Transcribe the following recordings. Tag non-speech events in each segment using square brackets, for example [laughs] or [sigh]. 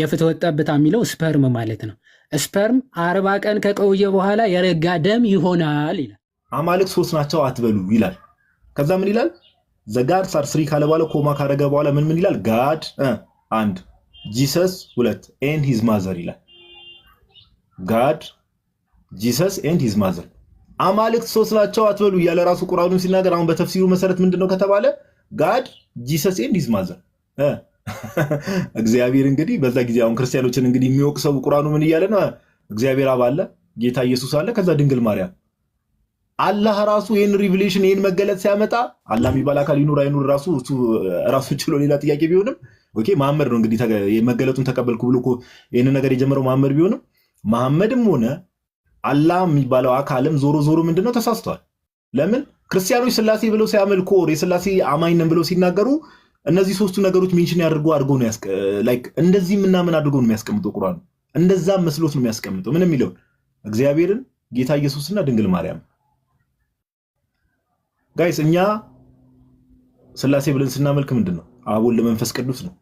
የፍትወት ጠብታ የሚለው ስፐርም ማለት ነው። ስፐርም አርባ ቀን ከቆየ በኋላ የረጋ ደም ይሆናል ይላል። አማልክ ሶስት ናቸው አትበሉ ይላል። ከዛ ምን ይላል? ዘጋድ ሳር ስሪ ካለ በኋላ ኮማ ካረገ በኋላ ምን ምን ይላል? ጋድ አንድ፣ ጂሰስ ሁለት፣ ኤን ሂዝ ማዘር ይላል። ጋድ ጂሰስ ኤን ሂዝ ማዘር አማልክት ሶስት ናቸው አትበሉ እያለ ራሱ ቁርአኑን ሲናገር አሁን በተፍሲሩ መሰረት ምንድን ነው ከተባለ ጋድ ጂሰስ ኤንድ ሂዝ ማዘር እግዚአብሔር እንግዲህ በዛ ጊዜ አሁን ክርስቲያኖችን እንግዲህ የሚወቅ ሰው ቁራኑ ምን እያለ ነው? እግዚአብሔር አብ አለ፣ ጌታ ኢየሱስ አለ፣ ከዛ ድንግል ማርያም። አላህ ራሱ ይህን ሪቪሌሽን ይህን መገለጥ ሲያመጣ አላህ የሚባል አካል ይኑር አይኑር ራሱ ራሱ ችሎ ሌላ ጥያቄ ቢሆንም ኦኬ መሐመድ ነው እንግዲህ መገለጡን ተቀበልኩ ብሎ ይህን ነገር የጀመረው መሐመድ ቢሆንም መሐመድም ሆነ አላህ የሚባለው አካልም ዞሮ ዞሮ ምንድነው ተሳስተዋል። ለምን ክርስቲያኖች ስላሴ ብለው ሲያመልኩ የስላሴ አማኝነን ብለው ሲናገሩ እነዚህ ሶስቱ ነገሮች ሜንሽን ያደርጉ አድርጎ ነው ላይክ እንደዚህ ምናምን አድርጎ ነው የሚያስቀምጠው ቁርአን እንደዛ መስሎት ነው የሚያስቀምጠው ምን የሚለውን እግዚአብሔርን ጌታ ኢየሱስና ድንግል ማርያም ጋይስ እኛ ስላሴ ብለን ስናመልክ ምንድን ነው አብ መንፈስ ቅዱስ ነው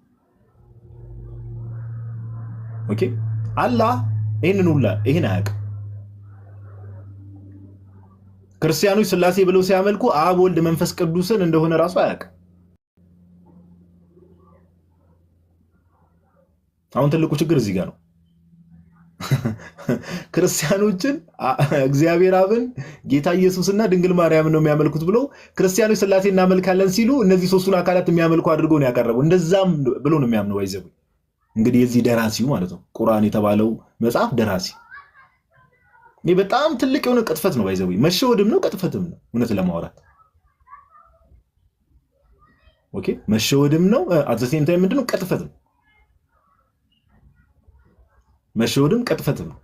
ኦኬ አላህ ይህንን ሁላ ይህን አያውቅም ክርስቲያኖች ስላሴ ብለው ሲያመልኩ አብ ወልድ መንፈስ ቅዱስን እንደሆነ ራሱ አያውቅም አሁን ትልቁ ችግር እዚህ ጋር ነው። [laughs] ክርስቲያኖችን እግዚአብሔር አብን ጌታ ኢየሱስና ድንግል ማርያም ነው የሚያመልኩት ብሎ ክርስቲያኖች ስላሴ እናመልካለን ሲሉ እነዚህ ሶስቱን አካላት የሚያመልኩ አድርጎ ነው ያቀረቡ እንደዛም ብሎ ነው የሚያምነው። ይዘቡ እንግዲህ የዚህ ደራሲው ማለት ነው ቁርአን የተባለው መጽሐፍ ደራሲ ይህ በጣም ትልቅ የሆነ ቅጥፈት ነው። ባይዘዊ መሸወድም ነው ቅጥፈትም ነው። እውነት ለማውራት ኦኬ፣ መሸወድም ነው። አዘሴንታይ ምንድነው? ቅጥፈት ነው። መሸውድም ቅጥፈት ነው።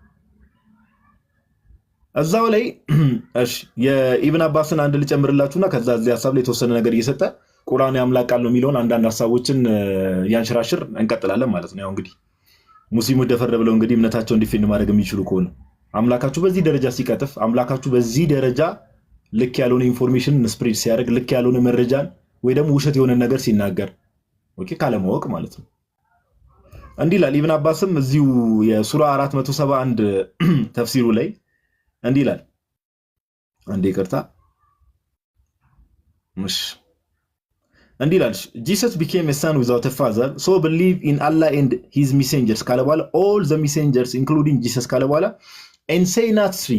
እዛው ላይ [clears throat] የኢብን አባስን አንድ ልጨምርላችሁና ከዛ እዚህ ሀሳብ ላይ የተወሰነ ነገር እየሰጠ ቁርአን የአምላክ ቃል ነው የሚለውን አንዳንድ ሀሳቦችን ያንሽራሽር እንቀጥላለን ማለት ነው። ያው እንግዲህ ሙስሊሙ ደፈረ ብለው እንግዲህ እምነታቸውን እንዲፌንድ ማድረግ የሚችሉ ከሆነ አምላካችሁ በዚህ ደረጃ ሲቀጥፍ፣ አምላካችሁ በዚህ ደረጃ ልክ ያልሆነ ኢንፎርሜሽን ስፕሬድ ሲያደርግ፣ ልክ ያልሆነ መረጃን ወይ ደግሞ ውሸት የሆነ ነገር ሲናገር ካለማወቅ ማለት ነው እንዲህ ይላል ኢብን አባስም እዚሁ የሱራ 471 [clears throat] ተፍሲሩ ላይ እንዲህ ይላል። አንዴ ይቅርታ፣ ምሽ እንዲህ ይላል ጂሰስ ቢኬም ኤ ሰን ዊዛውት ኤ ፋዘር ሶ ቢሊቭ ኢን አላህ ኤንድ ሂዝ ሚሴንጀርስ ካለ በኋላ ኦል ዘ ሚሴንጀርስ ኢንክሉዲንግ ጂሰስ ካለ በኋላ ኤን ሴይ ናት ስሪ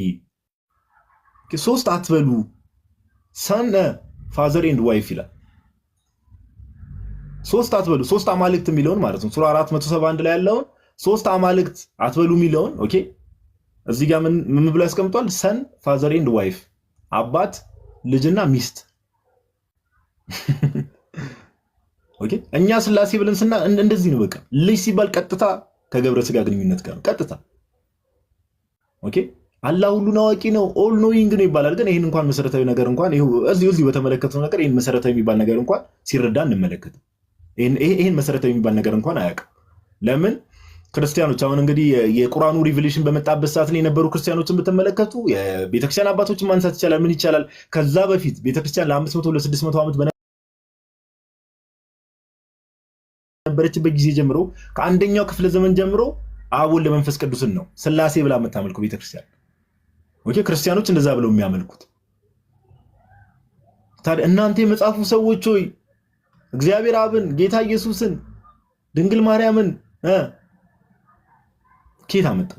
ሶስት አትበሉ ሰን ፋዘር ኤንድ ዋይፍ ይላል። ሶስት አትበሉ ሶስት አማልክት የሚለውን ማለት ነው ሱራ 471 ላይ ያለውን ሶስት አማልክት አትበሉ የሚለውን ኦኬ እዚህ ጋር ምን ብሎ ያስቀምጧል? ሰን ፋዘር ኤንድ ዋይፍ አባት ልጅና ሚስት። [laughs] ኦኬ እኛ ስላሴ ብለን ስና እንደዚህ ነው። በቃ ልጅ ሲባል ቀጥታ ከገብረ ስጋ ግንኙነት ጋር ነው ቀጥታ። ኦኬ አላህ ሁሉን አዋቂ ነው ኦል ኖዊንግ ነው ይባላል። ግን ይህን እንኳን መሰረታዊ ነገር እንኳን እዚሁ እዚሁ በተመለከተው ነገር ይህን መሰረታዊ የሚባል ነገር እንኳን ሲረዳ እንመለከትም። ይህን መሰረታዊ የሚባል ነገር እንኳን አያውቅም። ለምን ክርስቲያኖች አሁን እንግዲህ የቁርአኑ ሪቨሌሽን በመጣበት ሰዓት የነበሩ ክርስቲያኖችን ብትመለከቱ የቤተክርስቲያን አባቶችን ማንሳት ይቻላል። ምን ይቻላል? ከዛ በፊት ቤተክርስቲያን ለ ለ ለስድስት መቶ ዓመት በነበረችበት ጊዜ ጀምሮ ከአንደኛው ክፍለ ዘመን ጀምሮ አቦን ለመንፈስ ቅዱስን ነው ስላሴ ብላ የምታመልከው ቤተክርስቲያን። ኦኬ ክርስቲያኖች እንደዛ ብለው የሚያመልኩት ታዲያ እናንተ የመጽሐፉ ሰዎች ሆይ እግዚአብሔር አብን፣ ጌታ ኢየሱስን፣ ድንግል ማርያምን ኬት አመጣ?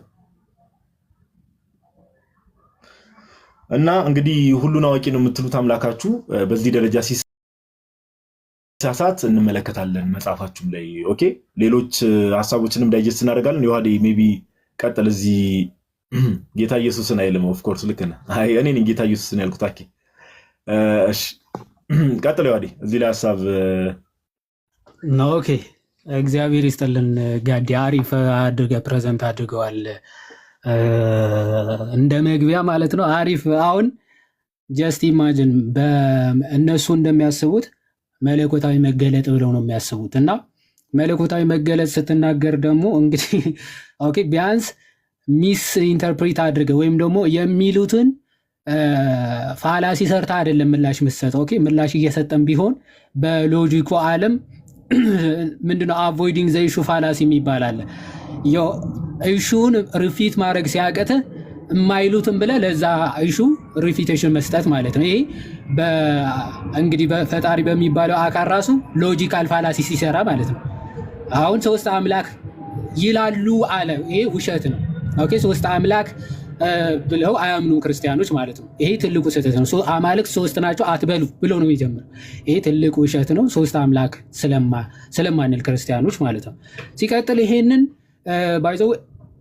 እና እንግዲህ ሁሉን አዋቂ ነው የምትሉት አምላካችሁ በዚህ ደረጃ ሲሳሳት እንመለከታለን መጽሐፋችሁም ላይ ኦኬ። ሌሎች ሀሳቦችንም ዳይጀስት እናደርጋለን። የውሃዴ ሜይ ቢ ቀጥል። እዚህ [clears throat] ጌታ ኢየሱስን አይልም። ኦፍኮርስ ልክ ነህ። እኔ ጌታ ኢየሱስን ያልኩት አኬ እሺ [clears throat] ቀጥሎ ዋዲ እዚህ ላይ ሀሳብ ኦኬ እግዚአብሔር ይስጥልን። ጋዲ አሪፍ አድርገ ፕሬዘንት አድርገዋል። እንደ መግቢያ ማለት ነው። አሪፍ አሁን ጀስት ኢማጅን እነሱ እንደሚያስቡት መለኮታዊ መገለጥ ብለው ነው የሚያስቡት እና መለኮታዊ መገለጥ ስትናገር ደግሞ እንግዲህ [laughs] ኦኬ ቢያንስ ሚስ ኢንተርፕሪት አድርገ ወይም ደግሞ የሚሉትን ፋላሲ ሰርታ አይደለም ምላሽ የምትሰጠው። ምላሽ እየሰጠን ቢሆን በሎጂኩ አለም [clears throat] ምንድነው አቮይዲንግ ዘ ኢሹ ፋላሲ የሚባል አለ። ኢሹን ሪፊት ማድረግ ሲያቅትህ የማይሉትም ብለ ለዛ ኢሹ ሪፊቴሽን መስጠት ማለት ነው። ይሄ እንግዲህ በፈጣሪ በሚባለው አካል ራሱ ሎጂካል ፋላሲ ሲሰራ ማለት ነው። አሁን ሶስት አምላክ ይላሉ አለ። ይሄ ውሸት ነው። ሶስት አምላክ ብለው አያምኑም ክርስቲያኖች ማለት ነው። ይሄ ትልቁ ስህተት ነው። አማልክት ሶስት ናቸው አትበሉ ብሎ ነው የሚጀምር። ይሄ ትልቁ ውሸት ነው። ሶስት አምላክ ስለማንል ክርስቲያኖች ማለት ነው። ሲቀጥል ይሄንን ባይዘው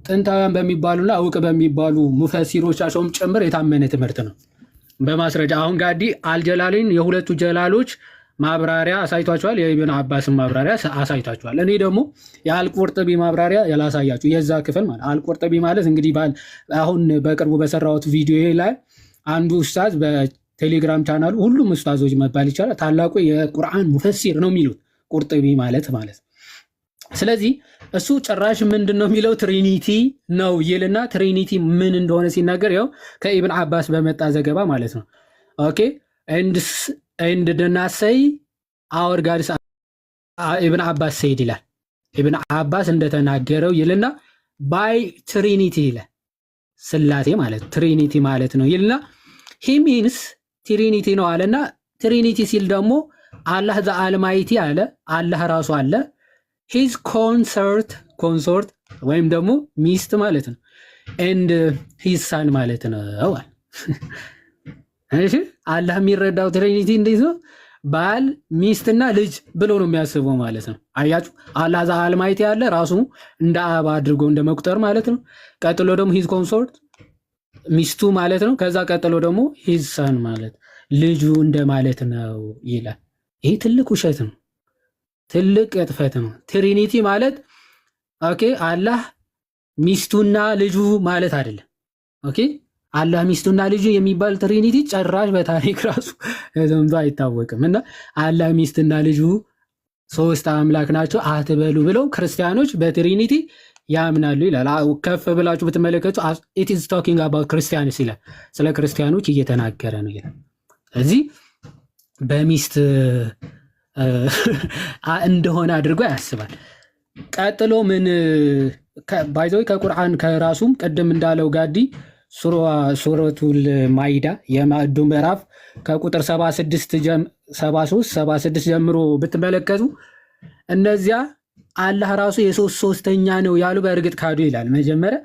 ጥንታውያን በሚባሉና እውቅ በሚባሉ ሙፈሲሮቻቸውም ጭምር የታመነ ትምህርት ነው በማስረጃ አሁን ጋዲ አልጀላሊን የሁለቱ ጀላሎች ማብራሪያ አሳይቷችኋል። የኢብን አባስን ማብራሪያ አሳይቷችኋል እኔ ደግሞ የአልቁርጥቢ ማብራሪያ ያላሳያችሁ የዛ ክፍል ማለት አልቁርጥቢ ማለት እንግዲህ አሁን በቅርቡ በሰራሁት ቪዲዮ ላይ አንዱ ኡስታዝ በቴሌግራም ቻናሉ ሁሉም ኡስታዞች መባል ይቻላል ታላቁ የቁርአን ሙፈሲር ነው የሚሉት ቁርጥቢ ማለት ማለት ስለዚህ እሱ ጭራሽ ምንድን ነው የሚለው ትሪኒቲ ነው ይልና ትሪኒቲ ምን እንደሆነ ሲናገር ያው ከኢብን አባስ በመጣ ዘገባ ማለት ነው ኦኬ ኤንድ ደናሰይ አወር ጋድስ ኢብን አባስ ሰይድ ይላል። ኢብን አባስ እንደተናገረው ይልና ባይ ትሪኒቲ ይላል። ስላሴ ማለት ትሪኒቲ ማለት ነው ይልና ሂሚንስ ትሪኒቲ ነው አለና ትሪኒቲ ሲል ደግሞ አላህ ዘ አልማይቲ አለ አላህ ራሱ አለ ሂዝ ኮንሰርት ኮንሶርት ወይም ደግሞ ሚስት ማለት ነው ኤንድ ሂዝ ሳን ማለት ነው። [laughs] እሺ አላህ የሚረዳው ትሪኒቲ እንዴት ነው? ባል ሚስትና ልጅ ብሎ ነው የሚያስበው ማለት ነው። አያችሁ አላህ ዛ ያለ ራሱ እንደ አብ አድርጎ እንደ መቁጠር ማለት ነው። ቀጥሎ ደግሞ ሂዝ ኮንሶርት ሚስቱ ማለት ነው። ከዛ ቀጥሎ ደግሞ ሂዝ ሰን ማለት ልጁ እንደ ማለት ነው ይላል። ይሄ ትልቅ ውሸት ነው፣ ትልቅ ቅጥፈት ነው። ትሪኒቲ ማለት ኦኬ አላህ ሚስቱና ልጁ ማለት አይደለም ኦኬ አላህ ሚስቱና ልጁ የሚባል ትሪኒቲ ጭራሽ በታሪክ ራሱ ዘምቶ አይታወቅም። እና አላህ ሚስትና ልጁ ሶስት አምላክ ናቸው አትበሉ ብለው ክርስቲያኖች በትሪኒቲ ያምናሉ ይላል። ከፍ ብላችሁ ብትመለከቱ ኢትዝ ቶኪንግ አባውት ክርስቲያንስ ይላል። ስለ ክርስቲያኖች እየተናገረ ነው ይላል። ስለዚህ በሚስት እንደሆነ አድርጎ ያስባል። ቀጥሎ ምን ባይዘ ከቁርአን ከራሱም ቅድም እንዳለው ጋዲ ሱረቱል ማይዳ የማዕዱ ምዕራፍ ከቁጥር 73 ጀምሮ ብትመለከቱ እነዚያ አላህ ራሱ የሶስት ሶስተኛ ነው ያሉ በእርግጥ ካዱ ይላል። መጀመሪያ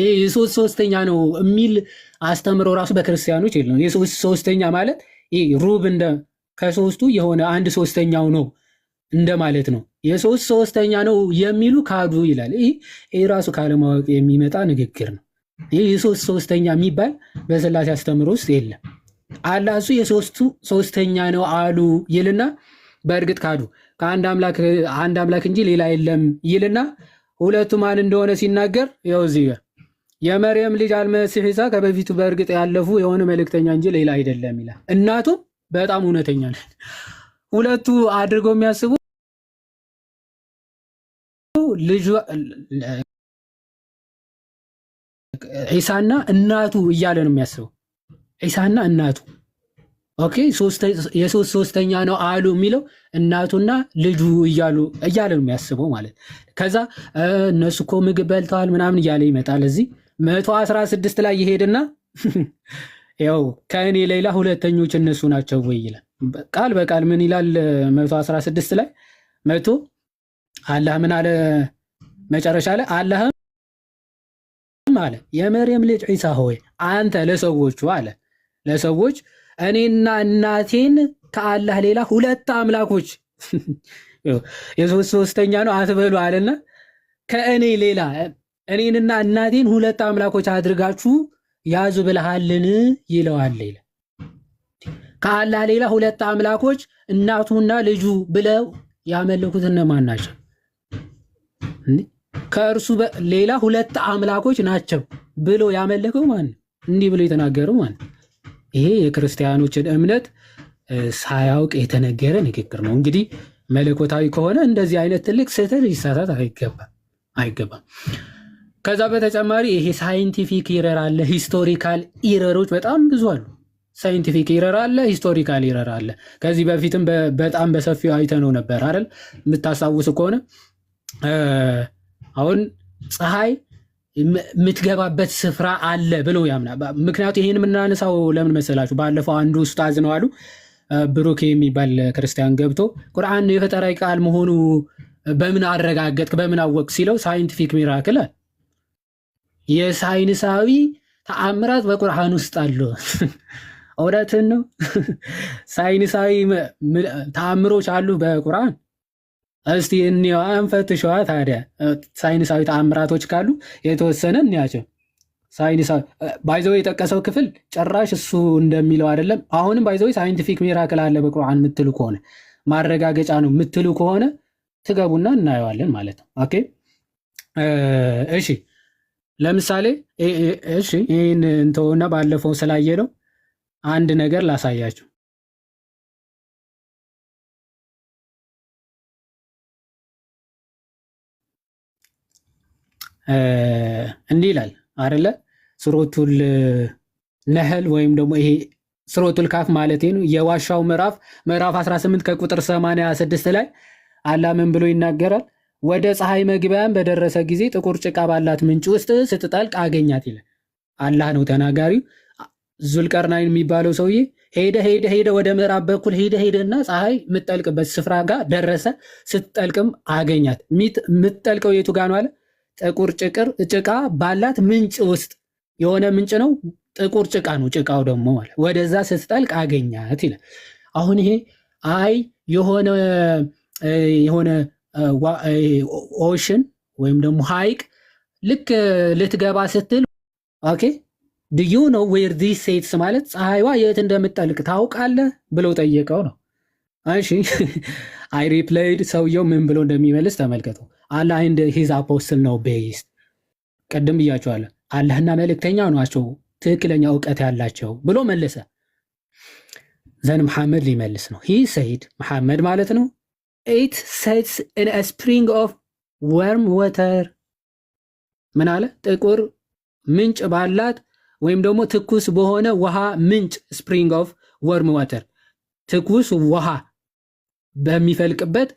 የሶስት ሶስተኛ ነው የሚል አስተምሮ ራሱ በክርስቲያኖች የለም። የሶስት ሶስተኛ ማለት ሩብ እንደ ከሶስቱ የሆነ አንድ ሶስተኛው ነው እንደማለት ነው። የሶስት ሶስተኛ ነው የሚሉ ካዱ ይላል። ይህ ራሱ ካለማወቅ የሚመጣ ንግግር ነው። ይህ የሶስት ሶስተኛ የሚባል በስላሴ አስተምሮ ውስጥ የለም። አላሱ የሶስቱ ሶስተኛ ነው አሉ ይልና በእርግጥ ካዱ። ከአንድ አምላክ እንጂ ሌላ የለም ይልና ሁለቱ ማን እንደሆነ ሲናገር ያው እዚህ ጋር የመርየም ልጅ አልመሲህ ኢሳ ከበፊቱ በእርግጥ ያለፉ የሆነ መልእክተኛ እንጂ ሌላ አይደለም ይላል። እናቱ በጣም እውነተኛ ነን ሁለቱ አድርገው የሚያስቡ ዒሳና እናቱ እያለ ነው የሚያስበው። ዒሳና እናቱ ኦኬ፣ የሶስት ሶስተኛ ነው አሉ የሚለው እናቱና ልጁ እያሉ እያለ ነው የሚያስበው ማለት። ከዛ እነሱ እኮ ምግብ በልተዋል ምናምን እያለ ይመጣል። እዚህ መቶ አስራ ስድስት ላይ ይሄድና [laughs] ያው ከእኔ ሌላ ሁለተኞች እነሱ ናቸው ወይ ይላል። ቃል በቃል ምን ይላል? መቶ አስራ ስድስት ላይ መቶ አላህ ምን አለ መጨረሻ ላይ? አላህም አለ የመርየም ልጅ ዒሳ ሆይ አንተ ለሰዎቹ አለ ለሰዎች እኔና እናቴን ከአላህ ሌላ ሁለት አምላኮች [laughs] የሶስት ሶስተኛ ነው አትበሉ አለና ከእኔ ሌላ እኔንና እናቴን ሁለት አምላኮች አድርጋችሁ ያዙ ብልሃልን ይለዋል። ሌላ ከአላህ ሌላ ሁለት አምላኮች እናቱና ልጁ ብለው ያመለኩት እነማን ናቸው? ከእርሱ ሌላ ሁለት አምላኮች ናቸው ብሎ ያመለከው ማን? እንዲህ ብሎ የተናገረው ማን? ይሄ የክርስቲያኖችን እምነት ሳያውቅ የተነገረ ንግግር ነው። እንግዲህ መለኮታዊ ከሆነ እንደዚህ አይነት ትልቅ ስህተት ሊሳሳት አይገባም። ከዛ በተጨማሪ ይሄ ሳይንቲፊክ ኢረር አለ፣ ሂስቶሪካል ኢረሮች በጣም ብዙ አሉ። ሳይንቲፊክ ኢረር አለ፣ ሂስቶሪካል ኢረር አለ። ከዚህ በፊትም በጣም በሰፊው አይተነው ነበር አይደል? የምታስታውስ ከሆነ አሁን ፀሐይ የምትገባበት ስፍራ አለ ብሎ ያምናል። ምክንያቱ ይህን የምናነሳው ለምን መሰላችሁ? ባለፈው አንዱ ኡስታዝ ነው አሉ ብሩክ የሚባል ክርስቲያን ገብቶ ቁርአን የፈጠራዊ ቃል መሆኑ በምን አረጋገጥክ በምን አወቅ ሲለው ሳይንቲፊክ ሚራክል የሳይንሳዊ ተአምራት በቁርአን ውስጥ አሉ። [laughs] እውነትን ነው። [laughs] ሳይንሳዊ ተአምሮች አሉ በቁርአን እስቲ እኒዋ ፈትሸዋ ታዲያ ሳይንሳዊ ተአምራቶች ካሉ የተወሰነ እንያቸው። ሳይንሳዊ ባይዘው የጠቀሰው ክፍል ጭራሽ እሱ እንደሚለው አይደለም። አሁንም ባይዘው ሳይንቲፊክ ሚራክል አለ በቁርአን የምትሉ ከሆነ ማረጋገጫ ነው የምትሉ ከሆነ ትገቡና እናየዋለን ማለት ነው። ኦኬ እሺ፣ ለምሳሌ እሺ፣ ይህን እንተውና ባለፈው ስላየ ነው አንድ ነገር ላሳያችሁ። እንዲህ ይላል አደለ ስሮቱል ነህል ወይም ደግሞ ይሄ ስሮቱል ካፍ ማለት ነው። የዋሻው ምዕራፍ ምዕራፍ 18 ከቁጥር 86 ላይ አላ ምን ብሎ ይናገራል? ወደ ፀሐይ መግቢያን በደረሰ ጊዜ ጥቁር ጭቃ ባላት ምንጭ ውስጥ ስትጠልቅ አገኛት ይላል። አላህ ነው ተናጋሪው። ዙልቀርናይን የሚባለው ሰውዬ ሄደ ሄደ ሄደ ወደ ምዕራብ በኩል ሄደ ሄደና ፀሐይ የምትጠልቅበት ስፍራ ጋር ደረሰ። ስትጠልቅም አገኛት። የምትጠልቀው የቱ ጋ ነው አለ ጥቁር ጭቅር ጭቃ ባላት ምንጭ ውስጥ የሆነ ምንጭ ነው፣ ጥቁር ጭቃ ነው። ጭቃው ደግሞ ማለት ወደዛ ስትጠልቅ አገኛት ይላል። አሁን ይሄ አይ የሆነ የሆነ ኦሽን ወይም ደግሞ ሀይቅ ልክ ልትገባ ስትል ኦኬ ድዩ ነው ዌር ዲስ ሴትስ ማለት ፀሐይዋ የት እንደምትጠልቅ ታውቃለህ ብሎ ጠየቀው ነው። እሺ አይ ሪፕላይድ ሰውየው ምን ብሎ እንደሚመልስ ተመልከተው። አላይንድ ሂዝ አፖስትል ነው ቤይስ ቅድም ብያቸዋለ። አላህና መልእክተኛ ናቸው ትክክለኛ እውቀት ያላቸው ብሎ መለሰ። ዘን መሐመድ ሊመልስ ነው። ይህ ሰይድ መሐመድ ማለት ነው። ኢት ሴትስ ኢን ስፕሪንግ ኦፍ ወርም ወተር ምን አለ? ጥቁር ምንጭ ባላት ወይም ደግሞ ትኩስ በሆነ ውሃ ምንጭ ስፕሪንግ ኦፍ ወርም ወተር ትኩስ ውሃ በሚፈልቅበት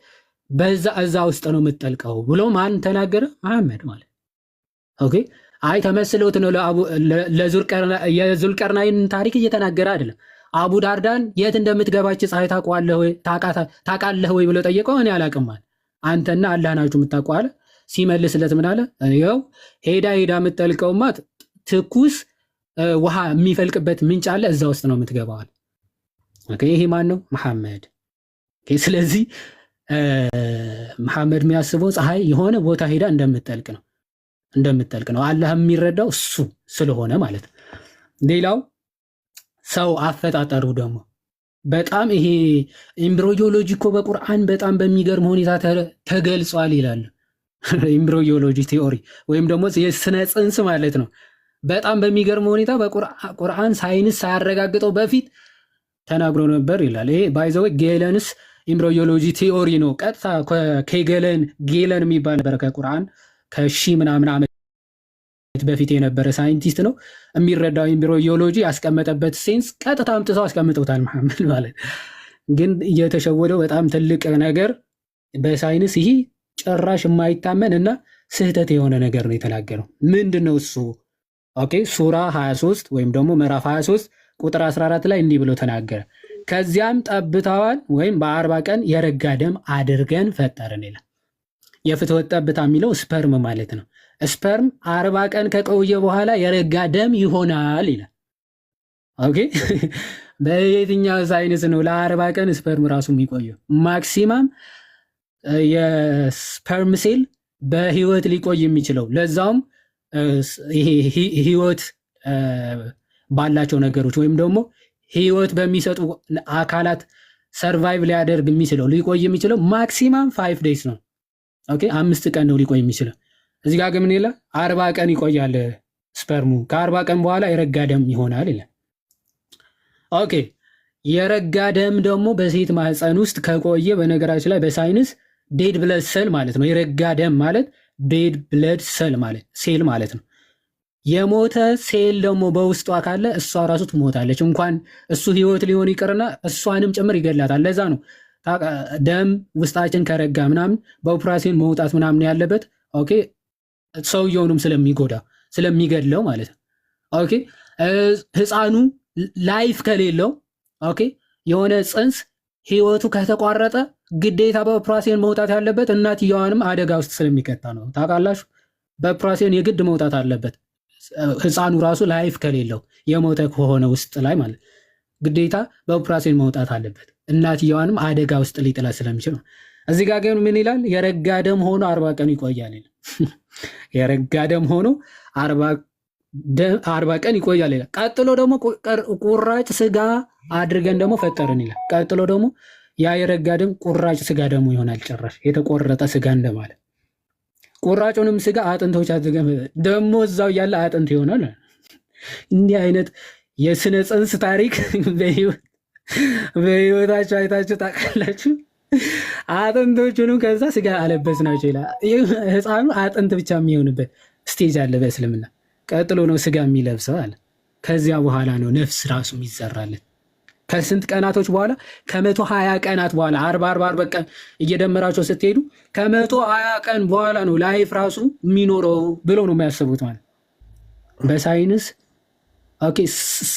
በዛ እዛ ውስጥ ነው የምትጠልቀው ብሎ ማን ተናገረ? መሐመድ ማለት ኦኬ። አይ ተመስሎት ነው የዙልቀርናይን ታሪክ እየተናገረ አይደለም። አቡ ዳርዳን የት እንደምትገባች ፀሐይ ታውቃለህ ወይ ብሎ ጠየቀው። እኔ አላቅም አንተና አላህ ናችሁ የምታውቁ ሲመልስለት ምናለ ው ሄዳ ሄዳ የምትጠልቀውማ ትኩስ ውሃ የሚፈልቅበት ምንጭ አለ፣ እዛ ውስጥ ነው የምትገባዋል። ይሄ ማን ነው? መሐመድ። ስለዚህ መሐመድ የሚያስበው ፀሐይ የሆነ ቦታ ሄዳ እንደምትጠልቅ ነው እንደምትጠልቅ ነው። አላህ የሚረዳው እሱ ስለሆነ ማለት ነው። ሌላው ሰው አፈጣጠሩ ደግሞ በጣም ይሄ ኤምብሪዮሎጂ እኮ በቁርአን በጣም በሚገርም ሁኔታ ተገልጿል ይላሉ። ኤምብሪዮሎጂ [laughs] ቴዎሪ ወይም ደግሞ የስነ ጽንስ ማለት ነው። በጣም በሚገርም ሁኔታ በቁርአን ሳይንስ ሳያረጋግጠው በፊት ተናግሮ ነበር ይላል። ይሄ ባይዘወይ ጌለንስ ኢምብሪዮሎጂ ቴዎሪ ነው። ቀጥታ ኬገለን ጌለን የሚባል ነበረ ከቁርአን ከሺ ምናምን ዓመት በፊት የነበረ ሳይንቲስት ነው የሚረዳው ኢምብሪዮሎጂ ያስቀመጠበት ሴንስ ቀጥታ አምጥተው አስቀምጠውታል። መሐመድ ማለት ግን እየተሸወደው በጣም ትልቅ ነገር በሳይንስ ይህ ጨራሽ የማይታመን እና ስህተት የሆነ ነገር ነው የተናገረው። ምንድን ነው እሱ? ኦኬ ሱራ 23 ወይም ደግሞ ምዕራፍ 23 ቁጥር 14 ላይ እንዲህ ብሎ ተናገረ ከዚያም ጠብታዋን ወይም በአርባ ቀን የረጋ ደም አድርገን ፈጠርን ይላል። የፍትወት ጠብታ የሚለው ስፐርም ማለት ነው። ስፐርም አርባ ቀን ከቆየ በኋላ የረጋ ደም ይሆናል ይላል። ኦኬ [laughs] በየትኛው ሳይንስ ነው ለአርባ ቀን ስፐርም ራሱ የሚቆየው? ማክሲማም የስፐርም ሴል በህይወት ሊቆይ የሚችለው ለዛውም ህይወት ባላቸው ነገሮች ወይም ደግሞ ህይወት በሚሰጡ አካላት ሰርቫይቭ ሊያደርግ የሚችለው ሊቆይ የሚችለው ማክሲማም ፋይቭ ዴይስ ነው። ኦኬ አምስት ቀን ነው ሊቆይ የሚችለው። እዚህ ጋር ግን ምን ይላል? አርባ ቀን ይቆያል ስፐርሙ። ከአርባ ቀን በኋላ የረጋ ደም ይሆናል ይላል። ኦኬ የረጋ ደም ደግሞ በሴት ማህፀን ውስጥ ከቆየ በነገራችን ላይ በሳይንስ ዴድ ብለድ ሰል ማለት ነው። የረጋ ደም ማለት ዴድ ብለድ ሰል ማለት ሴል ማለት ነው። የሞተ ሴል ደግሞ በውስጧ ካለ እሷ ራሱ ትሞታለች። እንኳን እሱ ህይወት ሊሆን ይቅርና እሷንም ጭምር ይገላታል። ለዛ ነው ደም ውስጣችን ከረጋ ምናምን በኦፕራሲን መውጣት ምናምን ያለበት። ኦኬ ሰውየውንም ስለሚጎዳ ስለሚገድለው ማለት ነው። ኦኬ ህፃኑ ላይፍ ከሌለው ኦኬ የሆነ ፅንስ ህይወቱ ከተቋረጠ ግዴታ በኦፕራሲን መውጣት ያለበት እናትየዋንም አደጋ ውስጥ ስለሚከታ ነው። ታውቃላችሁ፣ በኦፕራሲን የግድ መውጣት አለበት። ህፃኑ ራሱ ላይፍ ከሌለው የሞተ ከሆነ ውስጥ ላይ ማለት ግዴታ በኦፕራሲዮን መውጣት አለበት። እናትየዋንም አደጋ ውስጥ ሊጥላ ስለሚችል ነው። እዚህ ጋር ግን ምን ይላል? የረጋ ደም ሆኖ አርባ ቀን ይቆያል። [laughs] የረጋ ደም ሆኖ አርባ ቀን ይቆያል ይላል። ቀጥሎ ደግሞ ቁራጭ ስጋ አድርገን ደግሞ ፈጠርን ይላል። ቀጥሎ ደግሞ ያ የረጋ ደም ቁራጭ ስጋ ደግሞ ይሆናል። ጭራሽ የተቆረጠ ስጋ እንደማለት ቁራጩንም ስጋ አጥንቶች አድርገህ ደግሞ እዛው እያለ አጥንት ይሆናል። እንዲህ አይነት የስነ ጽንስ ታሪክ [laughs] በህይወታቸው አይታቸው ታውቃላችሁ? አጥንቶቹንም ከዛ ስጋ አለበስ ናቸው ይላል። ህፃኑ አጥንት ብቻ የሚሆንበት ስቴጅ አለ በእስልምና። ቀጥሎ ነው ስጋ የሚለብሰው አለ። ከዚያ በኋላ ነው ነፍስ ራሱ የሚዘራለት። ከስንት ቀናቶች በኋላ ከመቶ ሀያ ቀናት በኋላ አርባ አርባ አርባ ቀን እየደመራቸው ስትሄዱ ከመቶ ሀያ ቀን በኋላ ነው ላይፍ ራሱ የሚኖረው ብሎ ነው የሚያስቡት። ማለት በሳይንስ ኦኬ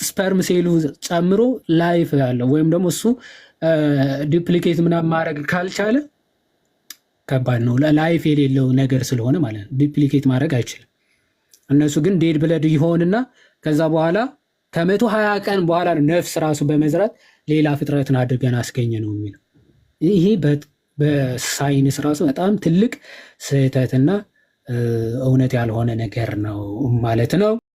ስፐርም ሴሉ ጨምሮ ላይፍ ያለው ወይም ደግሞ እሱ ዲፕሊኬት ምናምን ማድረግ ካልቻለ ከባድ ነው። ላይፍ የሌለው ነገር ስለሆነ ማለት ነው ዲፕሊኬት ማድረግ አይችልም። እነሱ ግን ዴድ ብለድ ይሆንና ከዛ በኋላ ከመቶ ሀያ ቀን በኋላ ነፍስ ራሱ በመዝራት ሌላ ፍጥረትን አድርገን አስገኘ ነው የሚለው። ይሄ በሳይንስ ራሱ በጣም ትልቅ ስህተትና እውነት ያልሆነ ነገር ነው ማለት ነው።